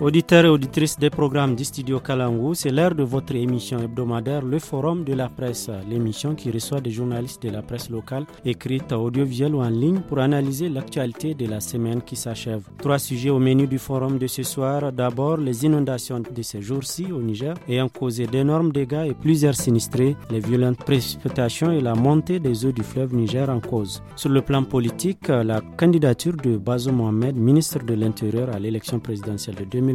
Auditeurs et auditrices des programmes du studio Kalangou, c'est l'heure de votre émission hebdomadaire Le Forum de la presse, l'émission qui reçoit des journalistes de la presse locale, écrite, audiovisuelle ou en ligne, pour analyser l'actualité de la semaine qui s'achève. Trois sujets au menu du forum de ce soir. D'abord, les inondations de ces jours-ci au Niger, ayant causé d'énormes dégâts et plusieurs sinistrés, les violentes précipitations et la montée des eaux du fleuve Niger en cause. Sur le plan politique, la candidature de Bazo Mohamed, ministre de l'Intérieur à l'élection présidentielle de 2020,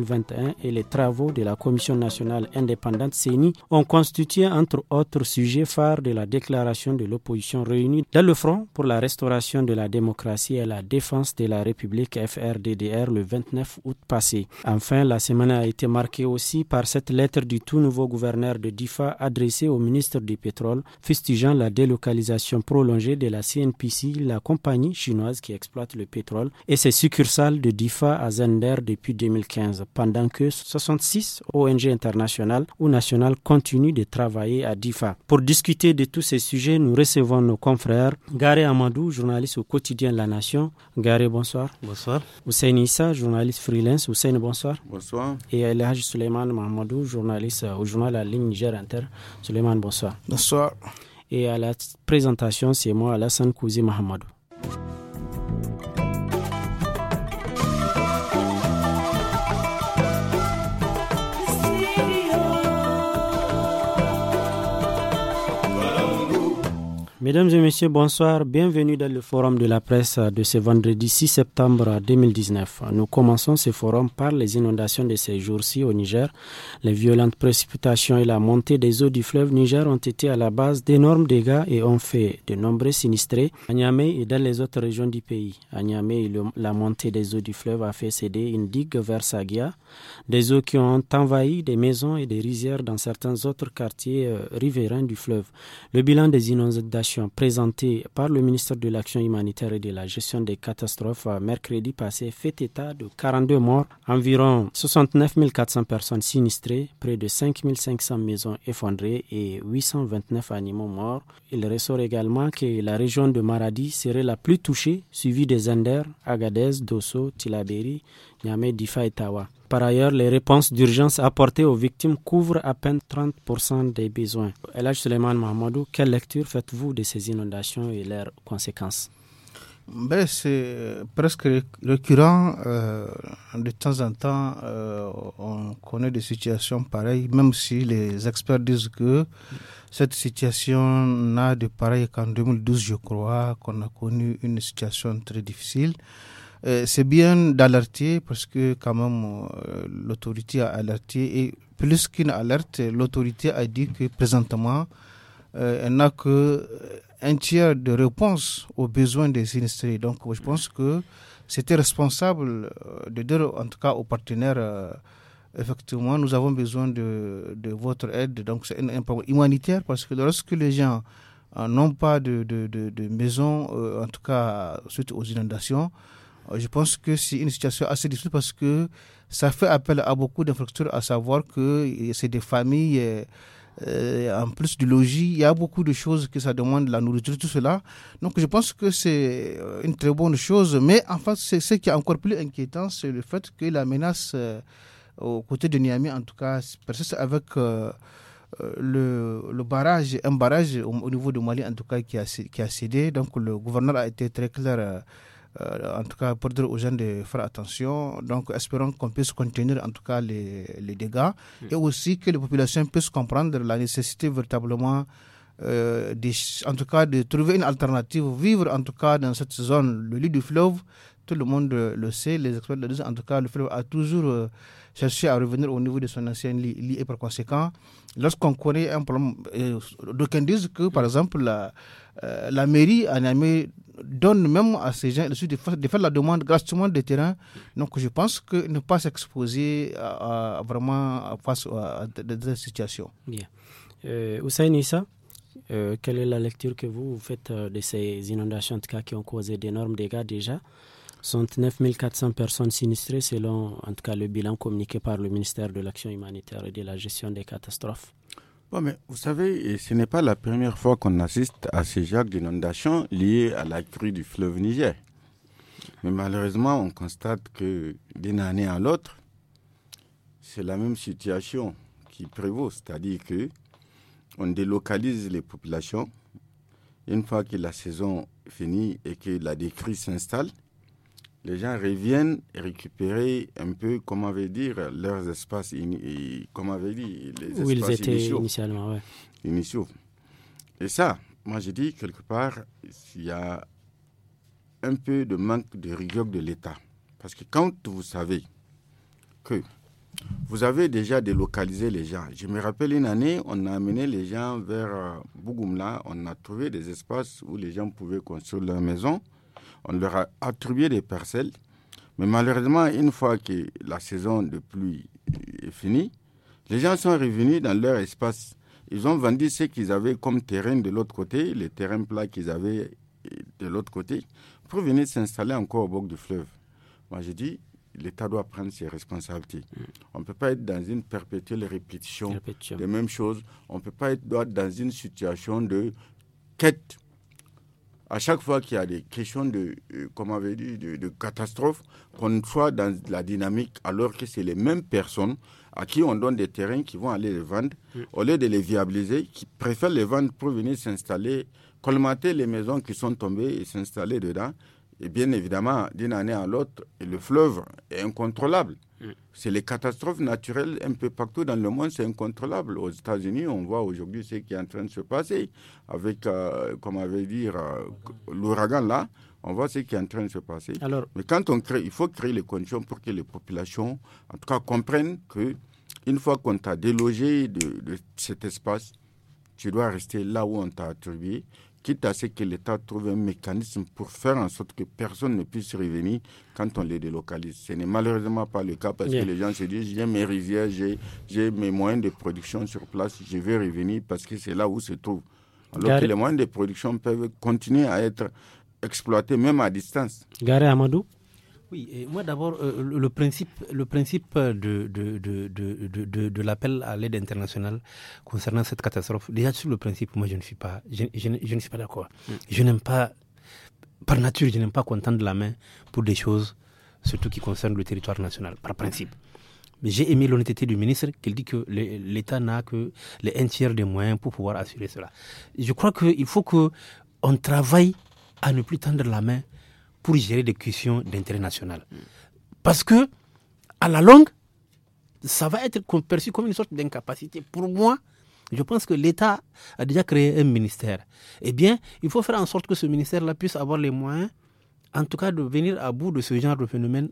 et les travaux de la Commission nationale indépendante CENI ont constitué entre autres sujets phares de la déclaration de l'opposition réunie dans le Front pour la restauration de la démocratie et la défense de la République FRDDR le 29 août passé. Enfin, la semaine a été marquée aussi par cette lettre du tout nouveau gouverneur de DIFA adressée au ministre du Pétrole, fustigeant la délocalisation prolongée de la CNPC, la compagnie chinoise qui exploite le pétrole, et ses succursales de DIFA à Zender depuis 2015 pendant que 66 ONG internationales ou nationales continuent de travailler à DIFA. Pour discuter de tous ces sujets, nous recevons nos confrères Garé Amadou, journaliste au quotidien La Nation. Garé, bonsoir. Bonsoir. Hussein Issa, journaliste freelance. Hussein, bonsoir. Bonsoir. Et Elhadj Suleiman Mahamadou, journaliste au journal La Ligne Niger Inter. Suleiman, bonsoir. Bonsoir. Et à la présentation, c'est moi, Alassane Kouzi Mahamadou. Mesdames et messieurs, bonsoir. Bienvenue dans le forum de la presse de ce vendredi 6 septembre 2019. Nous commençons ce forum par les inondations de ces jours-ci au Niger. Les violentes précipitations et la montée des eaux du fleuve Niger ont été à la base d'énormes dégâts et ont fait de nombreux sinistrés à Niamey et dans les autres régions du pays. À Niamey, la montée des eaux du fleuve a fait céder une digue vers Sagia, des eaux qui ont envahi des maisons et des rizières dans certains autres quartiers euh, riverains du fleuve. Le bilan des inondations présentée par le ministre de l'Action humanitaire et de la gestion des catastrophes euh, mercredi passé fait état de 42 morts, environ 69 400 personnes sinistrées, près de 5 500 maisons effondrées et 829 animaux morts. Il ressort également que la région de Maradi serait la plus touchée, suivie des Enders, Agadez, Dosso, Tilaberi par ailleurs, les réponses d'urgence apportées aux victimes couvrent à peine 30% des besoins. Elhaj Suleiman Mahamadou, quelle lecture faites-vous de ces inondations et leurs conséquences ben, C'est euh, presque récurrent. Euh, de temps en temps, euh, on connaît des situations pareilles, même si les experts disent que cette situation n'a de pareil qu'en 2012, je crois, qu'on a connu une situation très difficile. Euh, c'est bien d'alerter parce que quand même euh, l'autorité a alerté et plus qu'une alerte, l'autorité a dit que présentement, euh, elle n'a que un tiers de réponse aux besoins des sinistrés. Donc je pense que c'était responsable de dire en tout cas aux partenaires effectivement, nous avons besoin de, de votre aide. Donc, c'est un problème humanitaire parce que lorsque les gens n'ont pas de, maison, en tout cas suite aux inondations, euh, je pense que c'est une situation assez difficile parce que ça fait appel à beaucoup d'infrastructures, à savoir que euh, c'est des familles, euh, en plus du logis, il y a beaucoup de choses que ça demande, la nourriture, tout cela. Donc je pense que c'est une très bonne chose, mais en fait, ce qui est encore plus inquiétant, c'est le fait que la menace au aux côtés de Niamey, en tout cas, persiste avec... le, le, barrage, un barrage au, niveau de Mali en tout cas qui a, qui a cédé. Donc le gouverneur a été très clair euh, en tout cas, pour dire aux jeunes de faire attention. Donc, espérons qu'on puisse contenir en tout cas les, les dégâts et aussi que les populations puissent comprendre la nécessité véritablement euh, en tout cas de trouver une alternative, vivre en tout cas dans cette zone, le lit du fleuve, tout le monde le sait, les experts le disent, en tout cas le fleuve a toujours euh, cherché à revenir au niveau de son ancien lit, et par conséquent, lorsqu'on connaît un problème, d'aucuns disent que par exemple la, euh, la mairie en Niamey donne même à ces gens de, faire la demande gratuitement de terrain. Donc je pense que ne pas s'exposer vraiment face à, des situations. Bien. Euh, euh, quelle est la lecture que vous, faites euh, de ces inondations qui ont causé d'énormes dégâts déjà sont 9400 personnes sinistrées selon en tout cas le bilan communiqué par le ministère de l'Action humanitaire et de la gestion des catastrophes vous savez, ce n'est pas la première fois qu'on assiste à ces jacques d'inondation liés à la crue du fleuve Niger. Mais malheureusement, on constate que d'une année à l'autre, c'est la même situation qui prévaut, c'est-à-dire que on délocalise les populations. Une fois que la saison finit et que la décrue s'installe, les gens reviennent récupérer un peu, comment on veut dire, leurs espaces, comme on veut dire, les espaces Où ils étaient initialement, ouais. Initiaux. Et ça, moi j'ai dit, quelque part, il y a un peu de manque de rigueur de l'État. Parce que quand vous savez que vous avez déjà délocalisé les gens, je me rappelle une année, on a amené les gens vers euh, Bougoumla, on a trouvé des espaces où les gens pouvaient construire leur maison on leur a attribué des parcelles. Mais malheureusement, une fois que la saison de pluie est finie, les gens sont revenus dans leur espace. Ils ont vendu ce qu'ils avaient comme terrain de l'autre côté, les terrains plats qu'ils avaient euh, de l'autre côté, pour venir s'installer encore au bord du fleuve. Moi, je dis, l'État doit prendre ses responsabilités. Mm. On ne peut pas être dans une perpétuelle répétition, répétition. des mêmes choses. On ne peut pas être dans une situation de quête à chaque fois qu'il y a des questions de, euh, comment de, de catastrophe, qu'on soit dans la dynamique alors que c'est les mêmes personnes à qui on donne des terrains qui vont aller les vendre, au lieu de les viabiliser, qui préfèrent les vendre pour venir s'installer, colmater les maisons qui sont tombées et s'installer dedans, et bien évidemment, d'une année à l'autre, le fleuve est incontrôlable. Mm. C'est les catastrophes naturelles un peu partout dans le monde, c'est incontrôlable. Aux États-Unis, on voit aujourd'hui ce qui est en train de se passer avec, euh, comme on avait dire, euh, l'ouragan là. On voit ce qui est en train de se passer. Mais quand on crée, il faut créer les conditions pour que les populations, en tout cas, comprennent que une fois qu'on t'a délogé de cet espace, tu dois rester là où on t'a attribué quitte à ce que l'État trouve un mécanisme pour faire en sorte que personne ne puisse revenir quand on les délocalise. Ce n'est malheureusement pas le cas parce que les gens se disent j'ai mes rivières, j'ai mes moyens de production sur place, je vais revenir parce que c'est là où se trouve. Alors que les moyens de production peuvent continuer à être exploités même à distance. Gare Amadou oui, et moi d'abord, euh, le principe, le principe de, de, de, de, de l'appel à l'aide internationale concernant cette catastrophe, déjà sur le principe, moi je ne suis pas, je, ne suis pas d'accord. Mm. Je n'aime pas, par nature, je n'aime pas qu'on tende la main pour des choses, surtout qui concernent le territoire national, par principe. Mais j'ai aimé l'honnêteté du ministre qui dit que l'État n'a que les un tiers des moyens pour pouvoir assurer cela. Je crois qu'il faut que on travaille à ne plus tendre la main pour gérer des questions d'intérêt national. Parce que, à la longue, ça va être perçu comme une sorte d'incapacité. Pour moi, je pense que l'État a déjà créé un ministère. Eh bien, il faut faire en sorte que ce ministère-là puisse avoir les moyens, en tout cas, de venir à bout de ce genre de phénomène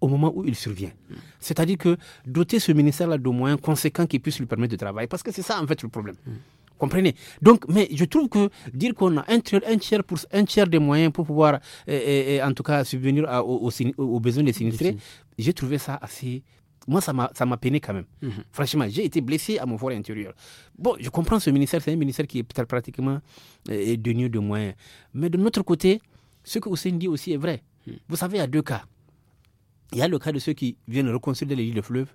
au moment où il survient. C'est-à-dire que doter ce ministère-là de moyens conséquents qui puissent lui permettre de travailler. Parce que c'est ça, en fait, le problème. Comprenez Donc, mais je trouve que dire qu'on a un tiers, pour, un tiers des moyens pour pouvoir, euh, euh, euh, en tout cas, subvenir aux, besoins des sinistrés, j'ai trouvé ça assez. Moi, ça m'a peiné quand même. Mhm. Franchement, j'ai été blessé à mon foyer intérieur. Bon, je comprends ce ministère, c'est un ministère qui est peut-être pratiquement de dénué de moyens. Mais de notre côté, ce que Hussein dit aussi est vrai. Mhm. Vous savez, il y a deux cas. Il y a le cas de ceux qui viennent reconstruire les lits de fleuve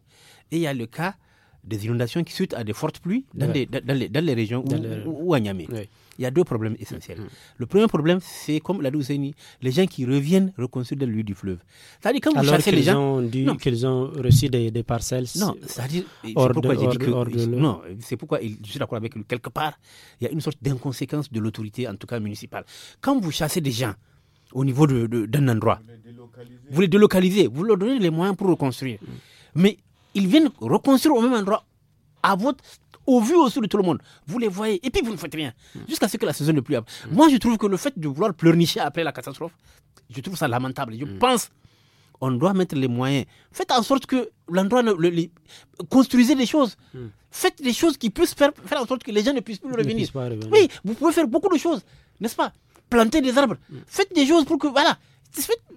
et il y a le cas des inondations qui suite à des fortes pluies dans, les, dans, les, dans les, régions ou où, à Niamey. Il y a deux problèmes essentiels. Mm, mm. Le premier problème, c'est comme l'a dit les gens qui reviennent reconstruire le lieu du fleuve. C'est-à-dire quand vous chassez les gens... Ont qu'ils ont reçu des, parcelles... Non, c'est-à-dire... pourquoi j'ai dit que... Non, c'est pourquoi je suis d'accord avec lui. Quelque part, il y a une sorte d'inconséquence de l'autorité, en tout cas municipale. Quand vous chassez des gens au niveau d'un endroit, vous les délocalisez, vous leur donnez les moyens pour reconstruire. Mm. Mais ils viennent reconstruire au même endroit, à votre, au vu aussi de tout le monde. Vous les voyez, et puis vous ne faites rien, hmm. jusqu'à ce que la saison ne plus. Hmm. Moi, je trouve que le fait de vouloir pleurnicher après la catastrophe, je trouve ça lamentable. Je hmm. pense on doit mettre les moyens. Faites en sorte que l'endroit, ne... construisez des choses. Faites des choses qui puissent faire, en sorte que les gens ne puissent plus revenir. Oui, vous pouvez faire beaucoup de choses, n'est-ce pas Planter des arbres. Faites des choses pour que, voilà.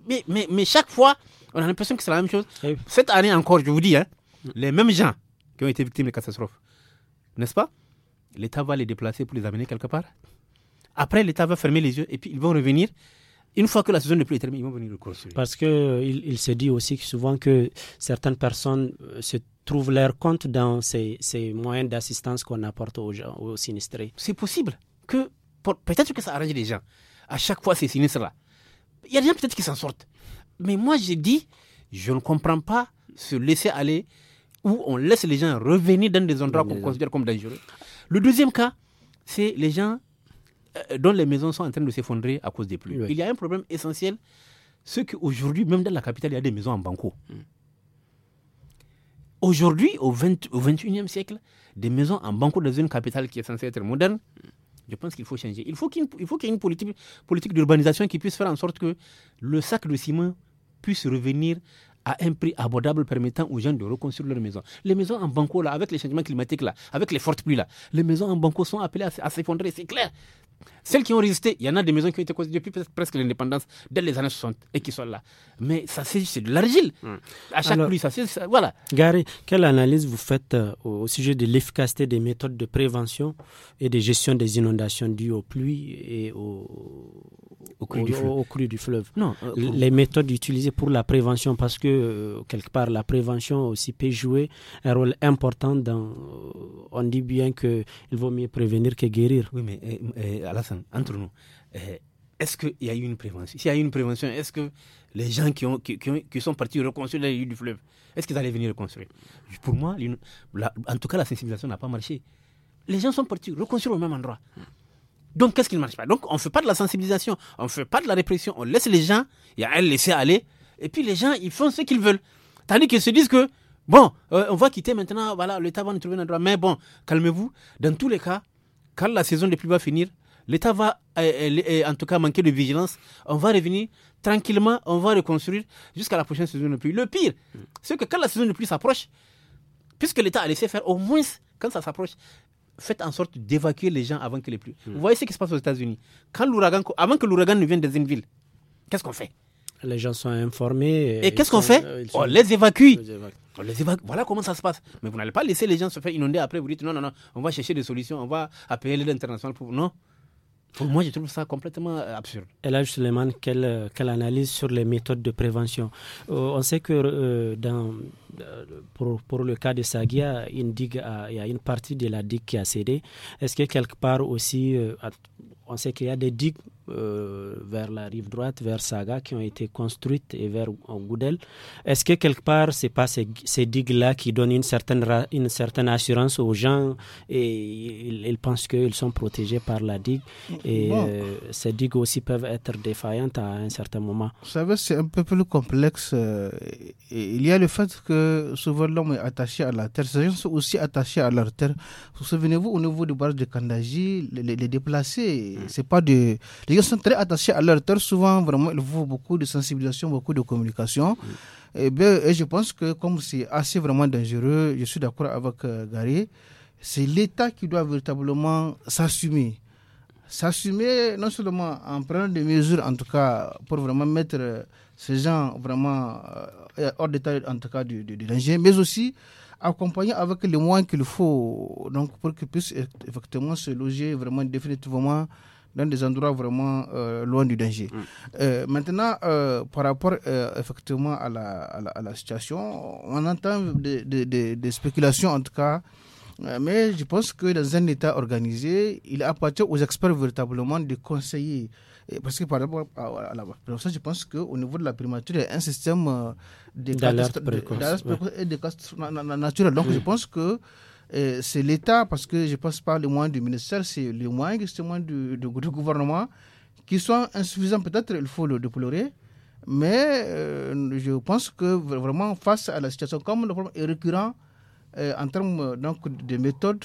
Mais, mais, mais chaque fois, on a l'impression que c'est la même chose. Cette année encore, je vous dis, hein, les mêmes gens qui ont été victimes de catastrophes, n'est-ce pas L'État va les déplacer pour les amener quelque part. Après, l'État va fermer les yeux et puis ils vont revenir. Une fois que la saison n'est plus terminée, ils vont venir construire. Parce qu'il euh, il se dit aussi souvent que certaines personnes euh, se trouvent leur compte dans ces, moyens d'assistance qu'on apporte aux, gens, aux sinistrés. C'est possible que, peut-être que ça arrange les gens. À chaque fois, ces sinistres-là. Il y a des gens peut-être qui s'en sortent. Mais moi, j'ai dit, je ne comprends pas se laisser aller où on laisse les gens revenir dans des endroits qu'on considère comme dangereux. Le deuxième cas, c'est les gens euh, dont les maisons sont en train de s'effondrer à cause des pluies. Il y a un problème essentiel, c'est qu'aujourd'hui, même dans la capitale, il y a des maisons en banco. Mm. Aujourd'hui, au, au 21e siècle, des maisons en banco dans une capitale qui est censée être moderne, mm. je pense qu'il faut changer. Il faut qu'il y ait une politique, politique d'urbanisation qui puisse faire en sorte que le sac de ciment puisse revenir à un prix abordable permettant aux gens de reconstruire leurs maisons. Les maisons en banco, là, avec les changements climatiques, là, avec les fortes pluies, là, les maisons en banco sont appelées à s'effondrer, c'est clair. Celles qui ont résisté, il y en a des maisons qui ont été construites depuis presque l'indépendance, dès les années 60, et qui sont là. Mais ça, c'est de l'argile. Hmm. À chaque pluie, ça, c'est. Voilà. Gary, quelle analyse vous faites euh, au sujet de l'efficacité des méthodes de prévention et de gestion des inondations dues aux pluies et aux, au du fleuve. Non, euh, les méthodes utilisées pour la prévention, parce que euh, quelque part la prévention aussi peut jouer un rôle important dans. on dit bien que il vaut mieux prévenir que guérir. Oui, mais Alassane, entre nous, eh, est-ce qu'il y a eu une prévention S'il y a eu une prévention, est-ce que les gens qui, ont, qui, sont partis reconstruire les lieux du fleuve, est-ce qu'ils allaient venir reconstruire Pour moi, en tout cas, la sensibilisation n'a pas marché. Les gens sont partis reconstruire au même endroit. Donc, qu'est-ce qui ne marche pas Donc, on ne fait pas de la sensibilisation, on ne fait pas de la répression, on laisse les gens, il y a un laisser-aller, et puis les gens, ils font ce qu'ils veulent. Tandis qu'ils se disent que, bon, euh, on va quitter maintenant, voilà, l'État va nous trouver un endroit, mais bon, calmez-vous. Dans tous les cas, quand la saison des pluies va finir, L'État va, euh, euh, euh, en tout cas, manquer de vigilance. On va revenir tranquillement, on va reconstruire jusqu'à la prochaine saison de pluie. Le pire, c'est que quand la saison de pluie s'approche, puisque l'État a laissé faire, au moins, quand ça s'approche, faites en sorte d'évacuer les gens avant que les pluies. Hmm. Vous voyez ce qui se passe aux États-Unis. Quand l'ouragan, avant que l'ouragan ne vienne dans une ville, qu'est-ce qu'on fait Les gens sont informés. Et, qu'est-ce qu'on fait On les évacue. On les évacue. Voilà comment ça se passe. Mais vous n'allez pas laisser les gens se faire inonder après. Vous dites non, non, non, on va chercher des solutions, on va appeler internationale pour. Non. Moi, je trouve ça complètement euh, absurde. Et là, justement, quelle, euh, quelle analyse sur les méthodes de prévention euh, On sait que dans, pour, le cas de Sagia, une il y a une partie de la digue qui a cédé. Est-ce que quelque part aussi, on sait qu'il y a des digues euh, vers la rive droite, vers Saga, qui ont été construites et vers Goudel. Est-ce que quelque part, c'est pas ces, digues-là qui donnent une certaine, une certaine assurance aux gens et ils, pensent qu'ils sont protégés par la digue Et euh, ces digues aussi peuvent être défaillantes à un certain moment. Vous savez, c'est un peu plus complexe. Euh, il y a le fait que souvent l'homme est attaché à la terre. Ces gens sont aussi attachés à leur terre. Vous souvenez-vous, au niveau du barrage de Kandaji, les, les déplacés, hmm. c'est pas de. Les sont très attachés à leur terre. Souvent, vraiment, il faut beaucoup de sensibilisation, beaucoup de communication. Et, eh bien, et je pense que comme c'est assez vraiment dangereux, je suis d'accord avec euh, Gary, c'est l'État qui doit véritablement s'assumer. S'assumer non seulement en prenant des mesures, en tout cas, pour vraiment mettre euh, ces gens vraiment euh, hors d'état, en tout cas, du, danger, mais aussi accompagner avec les moyens qu'il faut donc pour qu'ils puissent effectivement se loger vraiment définitivement dans des endroits vraiment euh, loin du danger. Mm. Euh, maintenant, euh, par rapport effectivement à la, à, la, situation, on entend des, des, spéculations en tout cas. Mais je pense que dans un État organisé, il appartient aux experts véritablement de conseiller. Parce que par rapport à la prévention, je pense qu'au niveau de la primature, il y a un système d'alerte précoce, de, précoce Donc je mm. pense que euh, c'est l'État, parce que je pense pas le moyens du ministère, c'est les moyens justement du, gouvernement qui sont insuffisants peut-être, il faut le déplorer. Mais euh, je pense que vraiment face à la situation, comme le problème est récurrent euh, en termes donc, de méthode,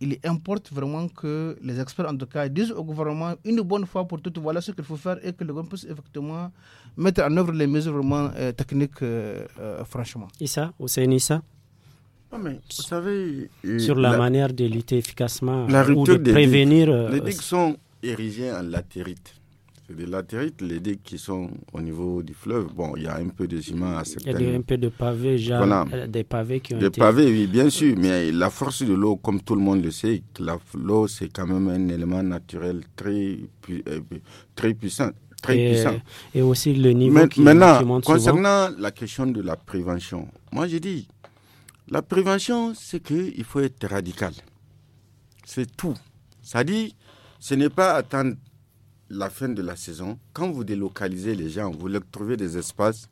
il importe vraiment que les experts, en tout cas, disent au gouvernement une bonne fois pour toutes, voilà ce qu'il faut faire et que le gouvernement puisse effectivement mettre en œuvre les mesures vraiment techniques, franchement. Issa, Hussein Issa vous savez, sur la, manière de lutter efficacement la ou de prévenir. Les euh, digues sont érigées en latérite. C'est des latérites, les digues qui sont au niveau du fleuve. Bon, il y a un peu de ciment à certaines... Il y a un peu de pavés, euh, des pavés qui ont été... Des pavés, oui, bien sûr. Mais la force de l'eau, comme tout le monde le sait, l'eau, c'est quand même un élément naturel très, euh, très puissant. Très et, puissant. et aussi le niveau qui, maintenant, qui monte concernant la question de la prévention, moi j'ai dit, la prévention, c'est qu'il faut être radical. C'est tout. Ça dit, ce n'est pas attendre la fin de la saison. Quand vous délocalisez les gens, vous leur trouvez des espaces.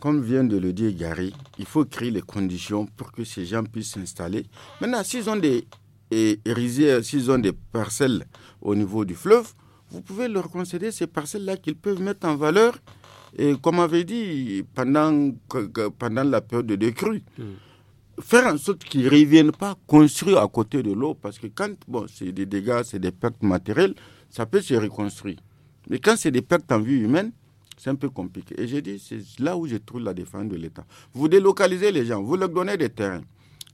Comme vient de le dire Gary, il faut créer les conditions pour que ces gens puissent s'installer. Maintenant, s'ils ont des s'ils ont des parcelles au niveau du fleuve, vous pouvez leur concéder ces parcelles-là qu'ils peuvent mettre en valeur, et comme avait dit, pendant, pendant la période de crue, hmm faire en sorte qu'ils ne reviennent pas construire à côté de l'eau, parce que quand bon, c'est des dégâts, c'est des pertes matérielles, ça peut se reconstruire. Mais quand c'est des pertes en vie humaine, c'est un peu compliqué. Et j'ai dit, c'est là où je trouve la défense de l'État. Vous délocalisez les gens, vous leur donnez des terrains.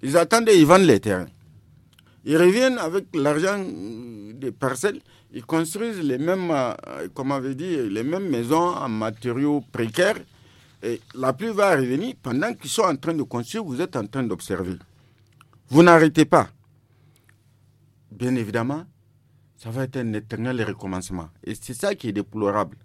Ils attendent ils vendent les terrains. Ils reviennent avec l'argent des parcelles, ils construisent les mêmes, euh, comme on dit, les mêmes maisons en matériaux précaires. Et la pluie va revenir. Pendant qu'ils sont en train de construire, vous êtes en train d'observer. Vous n'arrêtez pas. Bien évidemment, ça va être un éternel recommencement. Et c'est ça qui est déplorable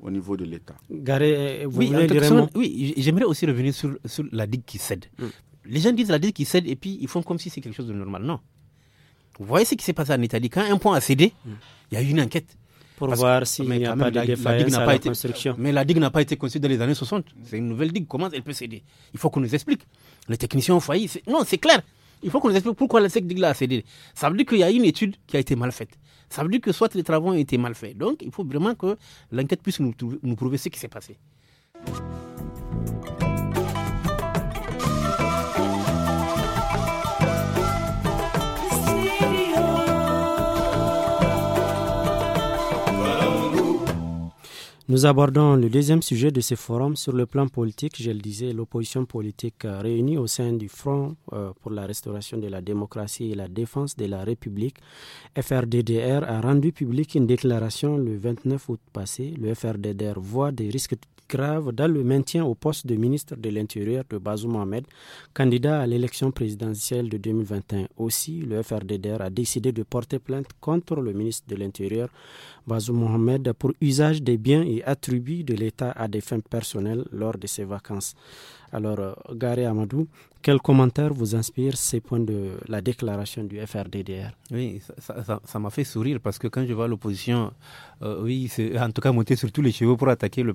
au niveau de l'État. Garé, euh, vous oui, oui j'aimerais aussi revenir sur, la digue qui cède. Hmm. Les gens disent la digue qui cède et puis ils font comme si c'est quelque chose de normal. Non. Vous voyez ce qui s'est passé en Italie. Quand un point a cédé, hmm. il y a eu une enquête. Pour voir si la, Mais la digue n'a pas été construite dans les années 60. C'est une nouvelle digue. Comment elle peut céder Il faut qu'on nous explique. Les techniciens ont failli. Non, c'est clair. Il faut qu'on nous explique pourquoi cette digue-là a cédé. Ça veut dire qu'il y a une étude qui a été mal faite. Ça veut dire que soit les travaux ont été mal faits. Donc, il faut vraiment que l'enquête puisse nous prouver ce qui s'est passé. Nous abordons le deuxième sujet de ce forum sur le plan politique. Je le disais, l'opposition politique euh, réunie au sein du Front euh, pour la restauration de la démocratie et la défense de la République, FRDDR, a rendu publique une déclaration le 29 août passé. Le FRDDR voit des risques graves dans le maintien au poste de ministre de l'Intérieur de Bazoum Ahmed, candidat à l'élection présidentielle de 2021. Aussi, le FRDDR a décidé de porter plainte contre le ministre de l'Intérieur Bazou Mohamed pour usage des biens et attributs de l'État à des fins personnelles lors de ses vacances. Alors, euh, Gary Amadou, quel commentaire vous inspire ces points de la déclaration du FRDDR Oui, ça m'a fait sourire parce que quand je vois l'opposition, euh, oui, oui, en tout cas monter sur tous les chevaux pour attaquer le,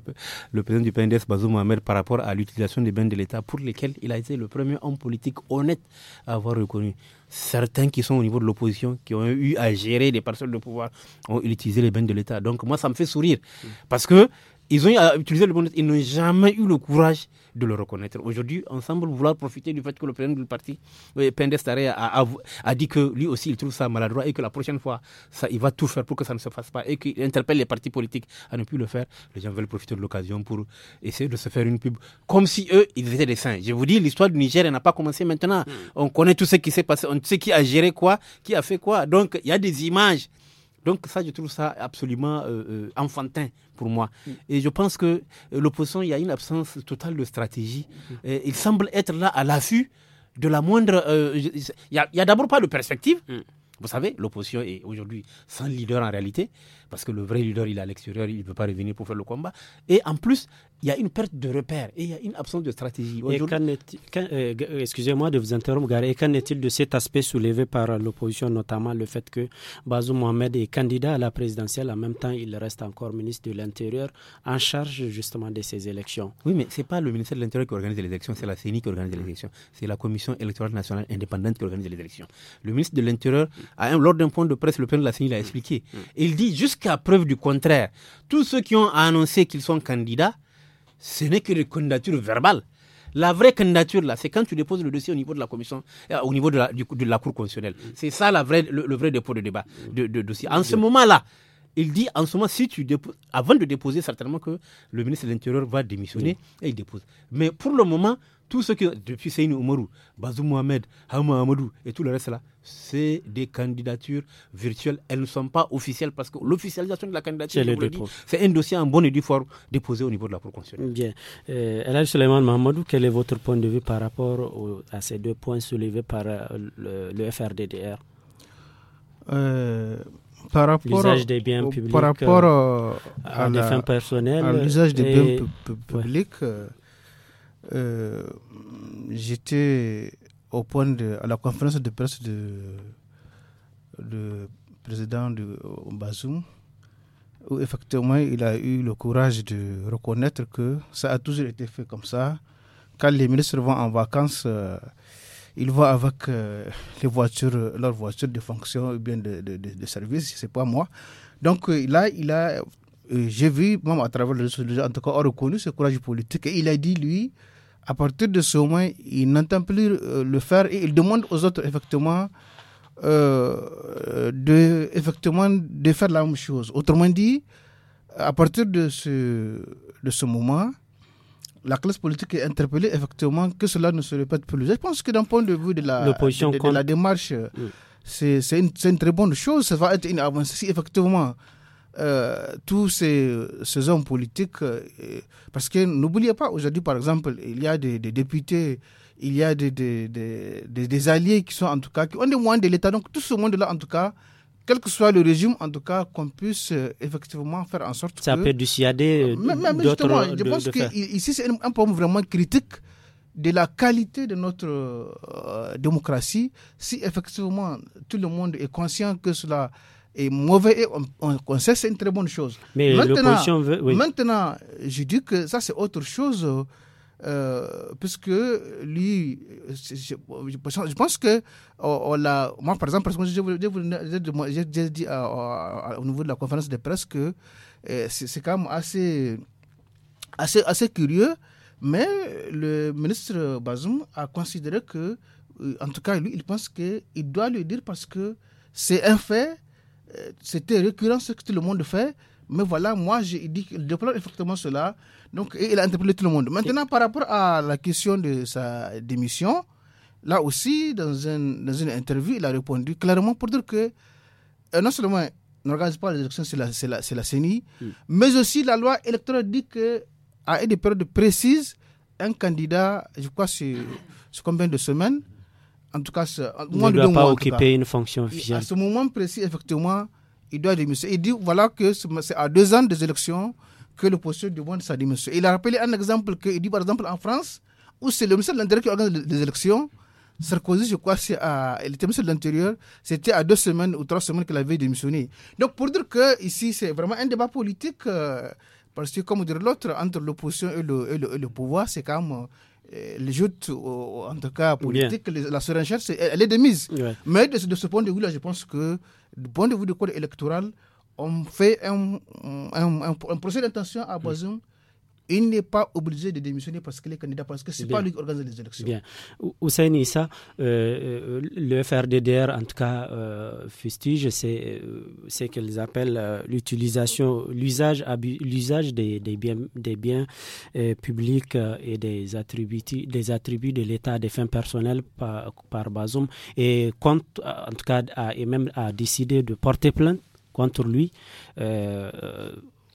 président du PNDS, Bazou Mohamed, par rapport à l'utilisation des biens de l'État pour lesquels il a été le premier homme politique honnête à avoir reconnu certains qui sont au niveau de l'opposition, qui ont eu à gérer des parcelles de pouvoir, ont utilisé les bains de l'État. Donc moi, ça me fait sourire. Mm. Parce que ils ont utilisé le bon ils n'ont jamais eu le courage de le reconnaître. Aujourd'hui, ensemble, vouloir profiter du fait que le président du parti, euh, Pendestare, a, a, dit que lui aussi, il trouve ça maladroit et que la prochaine fois, ça, il va tout faire pour que ça ne se fasse pas et qu'il interpelle les partis politiques à ne plus le faire. Les gens veulent profiter de l'occasion pour essayer de se faire une pub comme si eux, ils étaient des saints. Je vous dis, l'histoire du Niger n'a pas commencé maintenant. Hmm. On connaît tout ce qui s'est passé, on sait qui a géré quoi, qui a fait quoi. Donc, il y a des images donc ça, je trouve ça absolument euh, euh, enfantin pour moi. Mm. Et je pense que euh, l'opposition, il y a une absence totale de stratégie. Mm. il semble être là à l'affût de la moindre... Il n'y a d'abord pas de perspective. Mm. Vous savez, l'opposition est aujourd'hui sans leader en réalité, parce que le vrai leader, il est à l'extérieur, il ne peut pas revenir pour faire le combat. Et en plus, il y a une perte de repères et il y a une absence de stratégie. Euh, excusez-moi de vous interrompre, Gare. Et qu'en est-il de cet aspect soulevé par l'opposition, notamment le fait que Bazoum Mohamed est candidat à la présidentielle, en même temps, il reste encore ministre de l'Intérieur, en charge justement de ces élections Oui, mais ce n'est pas le ministre de l'Intérieur qui organise les élections, c'est la CENI qui organise les élections. C'est la Commission électorale nationale indépendante qui organise les élections. Le ministre de l'Intérieur lors d'un point de presse, le président de la CENI l'a mm. expliqué. Mm. Il dit jusqu'à preuve du contraire, tous ceux qui ont annoncé qu'ils sont candidats, ce n'est que des candidatures verbales. La vraie candidature, là, c'est quand tu déposes le dossier au niveau de la commission, euh, au niveau de la, de la Cour constitutionnelle. Mm. C'est ça la vraie, le, vrai dépôt de débat, de, de dossier. En ce moment-là, il dit en ce moment, si tu avant de déposer, certainement que le ministre de l'Intérieur va démissionner et il dépose. Mais pour le moment, tout ce que, depuis Seyni Oumarou, Bazou Mohamed, Hamou et tout le reste là, c'est des candidatures virtuelles. Elles ne sont pas officielles parce que l'officialisation de la candidature, c'est un dossier en bonne et due forme déposé au niveau de la Cour constitutionnelle. Bien. Euh, Mahamadou, quel est votre point de vue par rapport à ces deux points soulevés par euh, le, FRDDR par rapport par rapport euh, à, l'usage des biens publics euh, euh, j'étais au point de à la conférence de presse de le président de Bazoum où effectivement il a eu le courage de reconnaître que ça a toujours été fait comme ça quand les ministres vont en vacances il va avec euh, les voitures, leurs voitures de fonction ou bien de, de, de, de c'est pas moi. Donc euh, là, il a, euh, j'ai vu, même à travers le réseau, en tout cas, a reconnu ce courage politique et il a dit, lui, à partir de ce moment, il n'entend plus le faire et il demande aux autres, effectivement, de, effectivement, de faire la même chose. Autrement dit, à partir de ce, de ce moment, la classe politique est interpellée, effectivement, que cela ne se répète plus. Je pense que d'un point de vue de la, de, la démarche, euh, c'est une, une, très bonne chose. Ça va être une avancée si, effectivement, euh, tous ces, ces, hommes politiques. Euh, parce que n'oubliez pas, aujourd'hui, par exemple, il y a des, des députés, il y a des, des, des, alliés qui sont en tout cas, qui ont des moyens de l'État. Donc, tout ce monde-là, en tout cas, quel que soit le régime, en tout cas, qu'on puisse euh, effectivement faire en sorte ça que... Ça peut dissuader euh, d'autres je pense qu'ici, que ici, c'est un problème vraiment critique de la qualité de notre euh, démocratie, si effectivement tout le monde est conscient que cela est mauvais et on, on, c'est une très bonne chose. Mais maintenant, veut, maintenant, je dis que ça c'est autre chose euh, puisque lui, je, pense que on, moi par exemple, parce que j'ai dit au niveau de la conférence de presse que euh, c'est quand même assez, assez, assez curieux, mais le ministre Bazoum a considéré que, euh, en tout cas lui, il pense qu'il doit le dire parce que c'est un fait, c'était récurrent ce que tout le monde fait, mais voilà, moi, j'ai dit qu'il déplore effectivement cela. Donc, il a interpellé tout le monde. Maintenant, par rapport à la question de sa démission, là aussi, dans, un, dans une interview, il a répondu clairement pour dire que euh, non seulement n'organise pas les élections, c'est la, la, la, CENI, hmm. mais aussi la loi électorale dit que à une période précise, un candidat, je crois, sur, combien de semaines, en tout cas, moins ne doit pas occuper une fonction officielle. à ce moment précis, effectivement, il doit démissionner. Il dit voilà que c'est à deux ans des élections que l'opposition demande sa démission. Il a rappelé un exemple que, dit par exemple en France, où c'est le ministère de l'Intérieur qui organise les élections. Sarkozy, je crois, à, il était de l'Intérieur, c'était à deux semaines ou trois semaines qu'il avait démissionné. Donc pour dire que ici, c'est vraiment un débat politique. Euh, parce que, comme dire l'autre, entre l'opposition et, et le, pouvoir, c'est comme... même euh, eh, les joutes, en tout cas politiques, la surenchère, elle est démise. Mais de, ce point de vue-là, je pense que, du point de vue du code électoral, on fait un, un, procès d'intention à mm. Bazoum il n'est pas obligé de démissionner parce que les candidats parce que ce n'est pas lui qui organise les élections. Bien. Hussein Issa, euh, euh le FRDDR, en tout cas, euh, fustige, c'est euh, ce qu'ils appellent euh, l'utilisation, l'usage des, des biens, des biens publics et des attributs, des attributs de l'État à des fins personnelles par, par Bazoum et compte, en tout cas, et même a décidé de porter plainte contre lui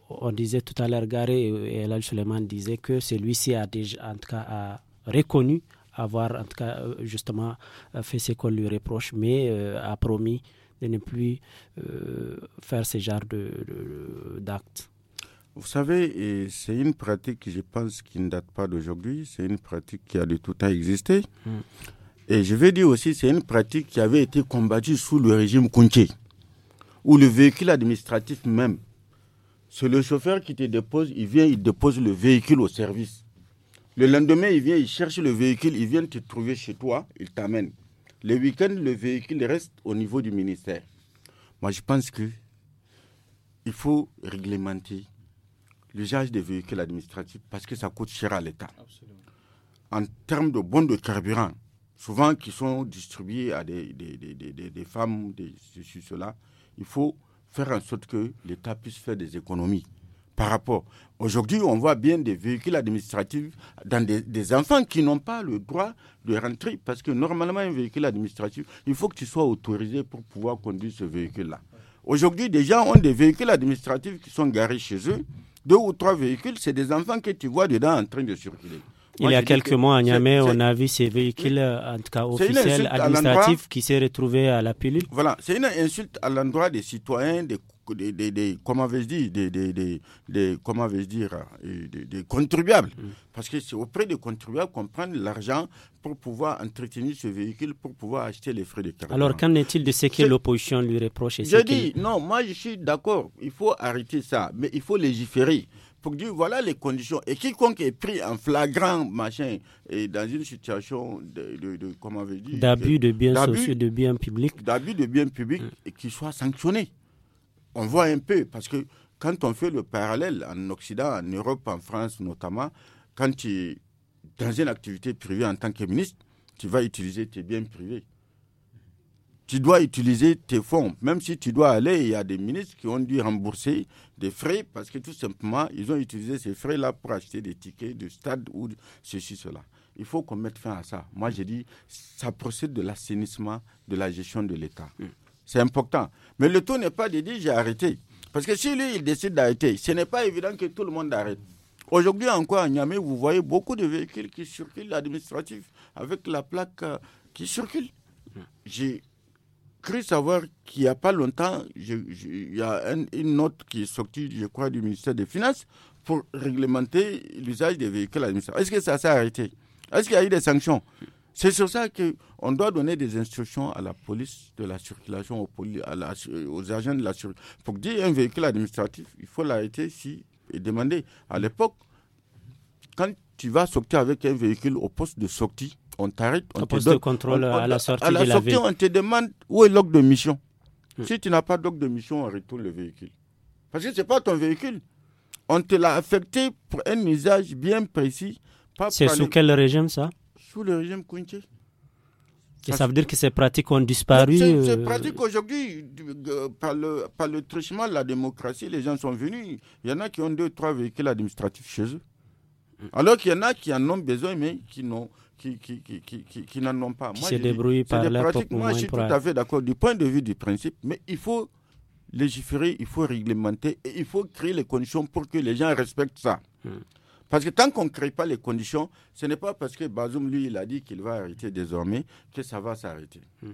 on disait tout à l'heure, Garé et Elal Suleiman disait que celui-ci a déjà, en tout cas, reconnu avoir, en tout cas, euh, justement, euh, fait ce qu'on lui reproche, mais euh, a promis de ne plus faire ce genre d'actes. De, d'actes. Vous savez, c'est une pratique, je pense, qui ne date pas d'aujourd'hui. C'est une pratique qui a de tout temps existé. Hmm. Et je vais dire aussi, c'est une pratique qui avait été combattue sous le régime Kunti, où le véhicule administratif même c'est le chauffeur qui te dépose, il vient, il dépose le véhicule au service. Le lendemain, il vient, il cherche le véhicule, il vient te trouver chez toi, il t'amène. Le week-end, le véhicule reste au niveau du ministère. Moi, je pense que il faut réglementer l'usage des véhicules administratifs parce que ça coûte cher à l'État. En termes de bons de carburant, souvent qui sont distribués à des, femmes, des, cela, il faut faire en sorte que l'État puisse faire des économies par rapport. Aujourd'hui, on voit bien des véhicules administratifs dans des, enfants qui n'ont pas le droit de rentrer parce que normalement, un véhicule administratif, il faut que tu sois autorisé pour pouvoir conduire ce véhicule-là. Aujourd'hui, des gens ont des véhicules administratifs qui sont garés chez eux. Deux ou trois véhicules, c'est des enfants que tu vois dedans en train de circuler il y a quelques mois à Niamey, on a vu ces véhicules, euh, en tout cas officiels, administratifs, qui s'est retrouvé à la pilule. Voilà, c'est une insulte à l'endroit des citoyens, des, comment veux je dire, des, comment dire, euh, des, contribuables. Mm. Parce que c'est auprès des contribuables qu'on prend l'argent pour pouvoir entretenir ce véhicule, pour pouvoir acheter les frais de carburant. Alors qu'en est-il de ce que l'opposition lui reproche Je dis, non, moi je suis d'accord, il faut arrêter ça, mais il faut légiférer pour dire voilà les conditions. Et quiconque est pris en flagrant machin et dans une situation de, comment veut dire d'abus de biens sociaux, de biens publics, d'abus de biens publics, hein. et qu'il soit sanctionné. On voit un peu parce que quand on fait le parallèle en Occident, en Europe, en France notamment, quand tu es dans une activité privée en tant que ministre, tu vas utiliser tes biens privés tu dois utiliser tes fonds. Même si tu dois aller, il y a des ministres qui ont dû rembourser des frais parce que tout simplement, ils ont utilisé ces frais-là pour acheter des tickets de stade ou ceci, cela. Il faut qu'on mette fin à ça. Moi, j'ai dit, ça procède de l'assainissement de la gestion de l'État. Hmm. C'est important. Mais le tout n'est pas de dire j'ai arrêté. Parce que si lui, il décide d'arrêter, ce n'est pas évident que tout le monde arrête. Aujourd'hui encore, à Niamey, vous voyez beaucoup de véhicules qui circulent administratifs avec la plaque euh, qui circule. Hmm. J'ai cru savoir qu'il n'y a pas longtemps, il y a une note qui est sortie, je crois, du ministère des Finances pour réglementer l'usage des véhicules administratifs. Est-ce que ça s'est arrêté Est-ce qu'il y a eu des sanctions C'est sur ça qu'on doit donner des instructions à la police de la circulation, aux, à aux agents de la circulation. Pour dire un véhicule administratif, il faut l'arrêter si, et demander. À l'époque, quand tu vas sortir avec un véhicule au poste de sortie, on t'arrête. On, te contrôle à la sortie. on te demande où est l'ocre de mission. Hmm. Si tu n'as pas d'ocre de mission, on retourne le véhicule. Parce que ce n'est pas ton véhicule. On te l'a affecté pour un usage bien précis. C'est sous quel régime ça Sous le régime Kunche. ça veut dire que ces pratiques ont disparu Ces, euh, pratiques aujourd'hui, par le, par le truchement de la démocratie, les gens sont venus. Il y en a qui ont deux, trois véhicules administratifs chez eux. Hmm. Alors qu'il y en a qui en ont besoin, mais qui n'ont qui, qui, qui, qui, qui n'en ont pas. Moi, par Moi, je suis tout à fait d'accord du point de vue du principe, mais il faut légiférer, il faut réglementer et il faut créer les conditions pour que les gens respectent ça. Hmm. Parce que tant qu'on ne crée pas les conditions, ce n'est pas parce que Bazoum, lui, il a dit qu'il va arrêter désormais que ça va s'arrêter. Hmm.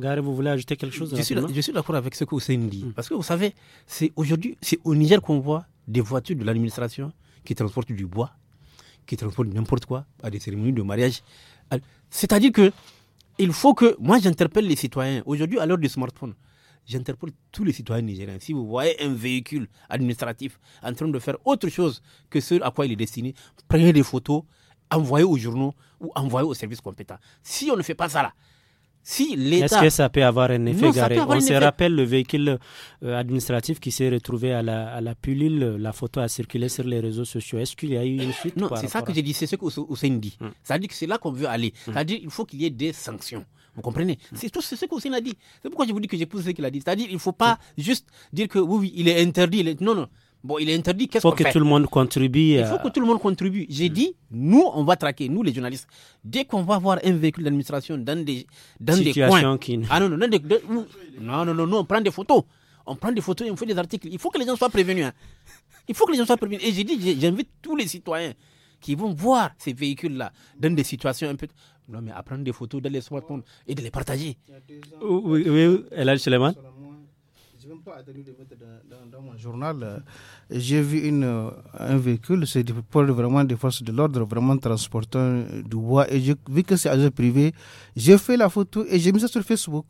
Gare, vous voulez ajouter quelque chose Je suis, suis d'accord avec ce que Hussein dit. Hmm. Parce que vous savez, c'est aujourd'hui, c'est au Niger qu'on voit des voitures de l'administration qui transportent du bois qui transportent n'importe quoi à des cérémonies de mariage. C'est-à-dire que il faut que moi j'interpelle les citoyens. Aujourd'hui, à l'heure du smartphone, j'interpelle tous les citoyens nigériens. Si vous voyez un véhicule administratif en train de faire autre chose que ce à quoi il est destiné, prenez des photos, envoyez aux journaux ou envoyez aux services compétents. Si on ne fait pas ça là, si Est-ce que ça peut avoir un effet garé On se rappelle le véhicule euh, administratif qui s'est retrouvé à la, à la La photo a circulé sur les réseaux sociaux. Est-ce qu'il y a eu une suite Non, c'est ça que j'ai dit. C'est ce que Hussein dit. Ça hmm. dit que c'est là qu'on veut aller. Mm. Ça dit qu'il faut qu'il y ait des sanctions. Vous comprenez hmm. C'est tout ce que a dit. C'est pourquoi je vous dis que j'ai j'épouse ce qu'il a dit. C'est-à-dire qu'il ne faut pas hmm. juste dire que oui, oui, il est interdit. Non, non. Bon, il est interdit. Qu'est-ce Il faut que tout le monde contribue. Il faut que tout le monde contribue. J'ai dit, nous, on va traquer, nous les journalistes. Dès qu'on va voir un véhicule d'administration dans des, dans des coins. Qui... Ah non, non, non, non, non, on prend des photos. On prend des photos et on fait des articles. Il faut que les gens soient prévenus. Hein. Il faut que les gens soient prévenus. Et j'ai dit, j'invite tous les citoyens qui vont voir ces véhicules-là dans des situations un peu. Non, mais à prendre des photos, de les smartphones et de les partager. Oui, oui, oui. Elal suis même pas attendu de mettre dans, mon journal. Euh, j'ai vu une, euh, un véhicule, c'est vraiment des forces de l'ordre, vraiment transportant du bois. Et vu que c'est jeu privé, j'ai fait la photo et j'ai mis ça sur Facebook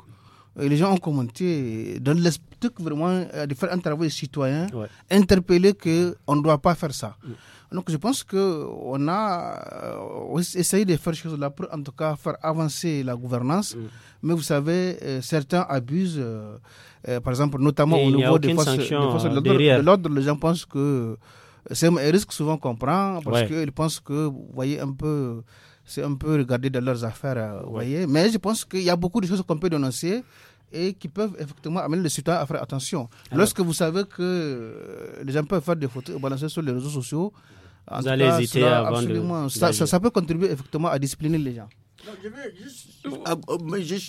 les gens ont commenté dans l'esprit vraiment à euh, faire un travail citoyens, interpeller que qu'on ne doit pas faire ça. Mm. Donc je pense qu'on a euh, essayé de faire choses là pour en tout cas faire avancer la gouvernance. Mm. Mais vous savez, euh, certains abusent, par exemple, notamment au niveau des forces, de l'ordre. Les gens pensent que c'est un risque souvent qu'on prend parce qu'ils pensent que, vous voyez un peu c'est un peu regarder dans leurs affaires, euh, vous voyez. Mais je pense qu'il y a beaucoup de choses qu'on peut dénoncer et qui peuvent effectivement amener le citoyen à faire attention. Lorsque vous savez que euh, les gens peuvent faire des photos balancer sur les réseaux sociaux, en vous allez cas, absolument, ça peut contribuer effectivement à discipliner les gens.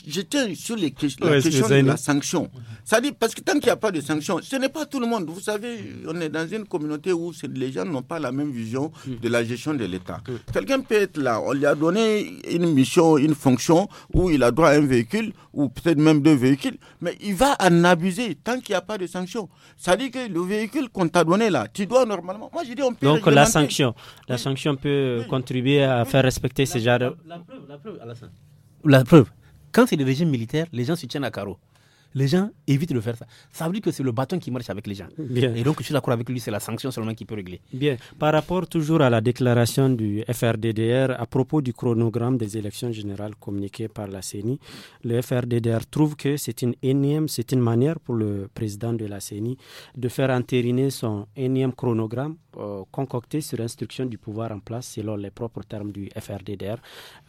J'étais ah, oh, sur les, la question de la sanction. Ça dit, parce que tant qu'il n'y a pas de sanction, ce n'est pas tout le monde. Vous savez, on est dans une communauté où les gens n'ont pas la même vision hmm. de la gestion de l'État. Hmm. Quelqu'un peut être là, on lui a donné une mission, une fonction, où il a droit à un véhicule, ou peut-être même deux véhicules, mais il va en abuser tant qu'il n'y a pas de sanction. Ça dit que le véhicule qu'on t'a donné là, tu dois normalement. Moi, je dis, on peut Donc la sanction, la sanction peut contribuer à faire respecter ces gens La, la preuve la preuve. Quand c'est le régime militaire, les gens se tiennent à carreau les gens évitent de faire ça. Ça veut dire que c'est le bâton qui marche avec les gens. Et donc, je suis d'accord avec lui, c'est la sanction seulement qui peut régler. Bien. Par rapport toujours à la déclaration du FRDDR à propos du chronogramme des élections générales communiquées par la CENI, le FRDDR trouve que c'est une énième, c'est une manière pour le président de la CENI de faire entériner son énième chronogramme euh, concocté sur instruction du pouvoir en place selon les propres termes du FRDDR.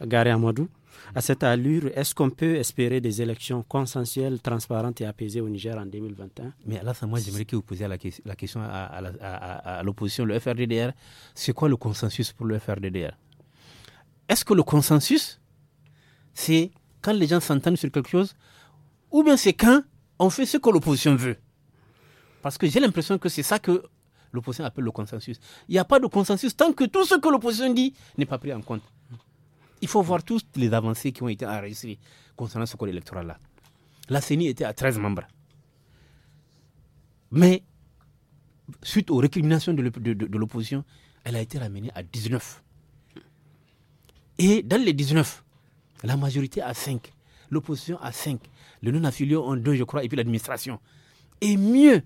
Gary Amadou, à cette allure, est-ce qu'on peut espérer des élections consensuelles, transparentes et apaisées au Niger en 2021 Mais là, moi, j'aimerais que vous posiez la, question à, à l'opposition, le FRDDR. C'est quoi le consensus pour le FRDDR Est-ce que le consensus, c'est quand les gens s'entendent sur quelque chose, ou bien c'est quand on fait ce que l'opposition veut Parce que j'ai l'impression que c'est ça que l'opposition appelle le consensus. Il n'y a pas de consensus tant que tout ce que l'opposition dit n'est pas pris en compte. Il faut voir toutes les avancées qui ont été enregistrées concernant ce code électoral-là. La CENI était à 13 membres. Mais, suite aux récriminations de l'opposition, elle a été ramenée à 19. Et dans les 19, la majorité a 5, l'opposition a 5, le non-affilié en 2, je crois, et puis l'administration. Et mieux,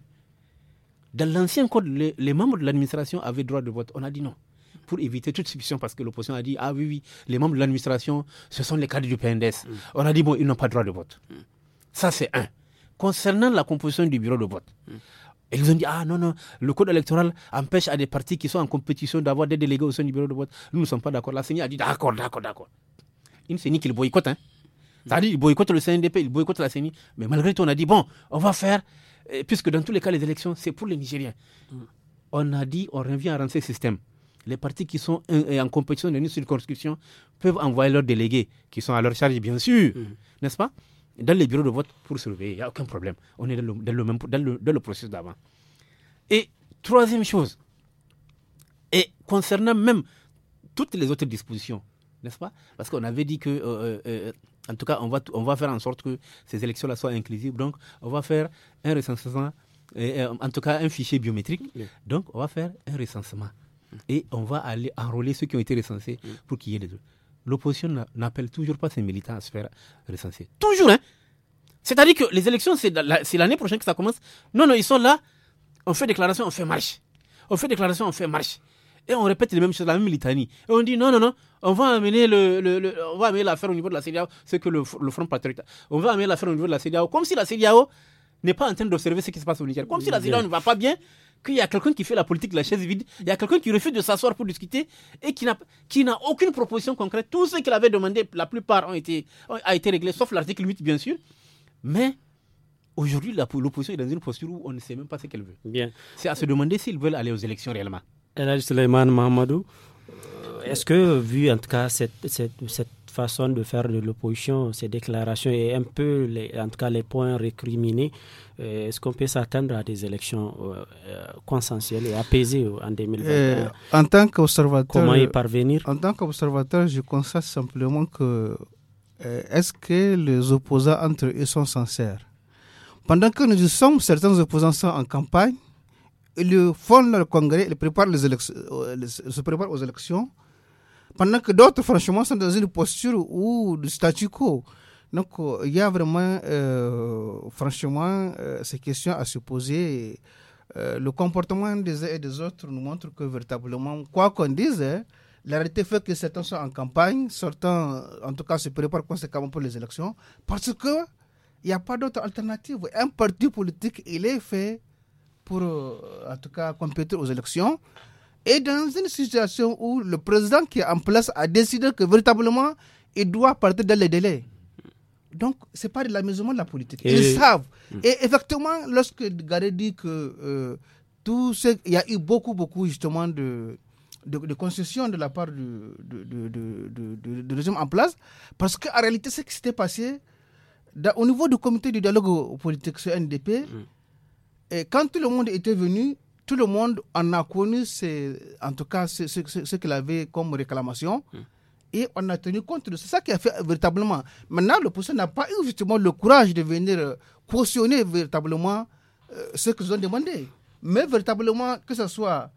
dans l'ancien code, les membres de l'administration avaient droit de vote. On a dit non pour éviter toute suspicion parce que l'opposition a dit Ah oui, oui, les membres de l'administration, ce sont les cadres du PNDS. Mm. On a dit Bon, ils n'ont pas droit de vote. Mm. Ça, c'est un. Concernant la composition du bureau de vote, mm. ils ont dit, ah non, non, le code électoral empêche à des partis qui sont en compétition d'avoir des délégués au sein du bureau de vote. Nous ne sommes pas d'accord. La CENI a dit, d'accord, d'accord, d'accord. Une CENI qui le boycotte. Hein. Ça dit il boycotte le CNDP, il boycotte la CENI. Mais malgré tout, on a dit, bon, on va faire, euh, puisque dans tous les cas, les élections, c'est pour les Nigériens. On a dit, on revient à rentrer ce système les partis qui sont en, en compétition dans une circonscription peuvent envoyer leurs délégués, qui sont à leur charge, bien sûr, mm. n'est-ce pas, dans les bureaux de vote pour surveiller. Il n'y a aucun problème. On est dans le, même, le, processus d'avant. Et troisième chose, et concernant même toutes les autres dispositions, n'est-ce pas Parce qu'on avait dit que, euh, euh, euh, en tout cas, on va, on va faire en sorte que ces élections-là soient inclusives. Donc, on va faire un recensement, en tout cas, un fichier biométrique. Donc, on va faire un recensement et on va aller enrôler ceux qui ont été recensés mm. pour qu'il y ait les deux. L'opposition n'appelle toujours pas ses militants à se faire recenser. Toujours, hein C'est-à-dire que les élections, c'est l'année prochaine que ça commence. Non, non, ils sont là, on fait déclaration, on fait marche. On fait déclaration, on fait marche. Et on répète les mêmes choses, la même litanie. Et on dit non, non, non, on va amener l'affaire au niveau de la CDAO, ce que le, Front Patriote. On va amener l'affaire au niveau de la CDAO, comme si la CDAO n'est pas en train d'observer ce qui se passe au Niger. Comme si la CDAO ne va pas bien, qu'il y a quelqu'un qui fait la politique de la chaise vide, il y a quelqu'un qui refuse de s'asseoir pour discuter et qui n'a, qui n'a aucune proposition concrète. Tout ce qu'il avait demandé, la plupart ont été, a été réglé, sauf l'article 8, bien sûr. Mais aujourd'hui, l'opposition est dans une posture où on ne sait même pas ce qu'elle veut. Bien. C'est à se demander s'ils veulent aller aux élections réellement. El Suleiman Mahamadou, euh, est-ce que, vu en tout cas cette, cette façon de faire de l'opposition, ces déclarations et un peu, les, en tout cas, les points récriminés, euh, est-ce qu'on peut s'attendre à des élections euh, euh, consensuelles et apaisées en 2021 En tant qu'observateur, comment y parvenir En tant qu'observateur, je constate simplement que est-ce que les opposants entre eux sont sincères Pendant que nous sommes, certains opposants sont en campagne, ils font leur congrès, ils, préparent les élections, ils se préparent aux élections pendant que d'autres, franchement, sont dans une posture ou du statu quo. Donc, euh, il y a vraiment, euh, franchement, euh, ces questions à se poser. le comportement des uns et des autres nous montre que véritablement, quoi qu'on dise, hein, la réalité fait que certains sont en campagne, certains, en tout cas, se préparent conséquemment pour les élections, parce que il n'y a pas d'autre alternative. Un parti politique, il est fait pour, en tout cas, compétir aux élections. Et dans une situation où le président qui est en place a décidé que véritablement, il doit partir dans les délais. Donc, ce n'est pas de l'amusement de la politique. Ils savent. Et effectivement, lorsque Garé dit que euh, tout ce, il y a eu beaucoup, beaucoup justement de, de, de concessions de la part du de, de, régime en place, parce qu'en réalité, ce qui s'était passé au niveau du comité du dialogue politique, ce NDP, mm. et quand tout le monde était venu, tout le monde en a connu, en tout cas, ce, qu'il avait comme réclamation. Hmm. Et on a tenu compte de C'est ça qui a fait véritablement. Maintenant, l'opposition n'a pas eu justement le courage de venir euh, cautionner véritablement euh, ce qu'ils ont demandé. Mais véritablement, que ce soit